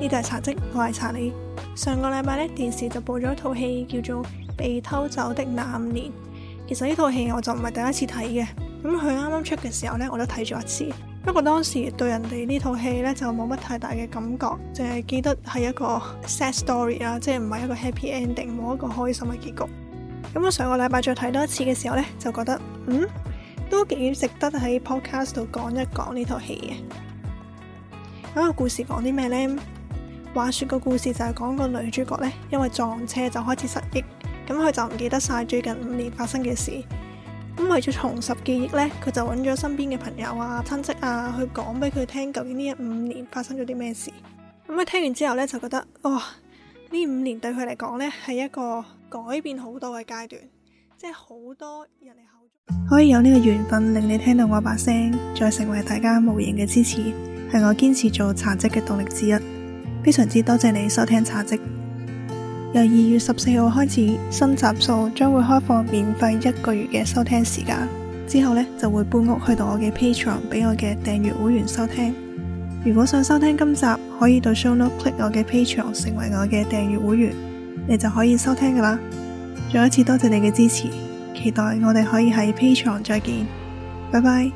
呢度係茶嘖，我係查理。上個禮拜呢，電視就播咗一套戲，叫做《被偷走的那五年》。其實呢套戲我就唔係第一次睇嘅。咁佢啱啱出嘅時候呢，我都睇咗一次。不過當時對人哋呢套戲呢，就冇乜太大嘅感覺，淨係記得係一個 sad story 啊，即係唔係一個 happy ending，冇一個開心嘅結局。咁我上個禮拜再睇多一次嘅時候呢，就覺得嗯，都幾值得喺 podcast 度講一講呢套戲嘅。啊，故事講啲咩呢？話說個故事就係講個女主角呢，因為撞車就開始失憶，咁佢就唔記得晒最近五年發生嘅事。咁為咗重拾記憶呢，佢就揾咗身邊嘅朋友啊、親戚啊去講俾佢聽，究竟呢五年發生咗啲咩事。咁佢聽完之後呢，就覺得哇，呢五年對佢嚟講呢，係一個改變好多嘅階段，即係好多人哋口中。可以有呢個緣分令你聽到我把聲，再成為大家無形嘅支持，係我堅持做茶嘖嘅動力之一。非常之多謝你收聽《茶嘖》，由二月十四號開始，新集數將會開放免費一個月嘅收聽時間，之後呢，就會搬屋去到我嘅 Patreon 俾我嘅訂閱會員收聽。如果想收聽今集，可以到 show note click 我嘅 Patreon 成為我嘅訂閱會員，你就可以收聽噶啦。再一次多謝你嘅支持，期待我哋可以喺 Patreon 再見，拜拜。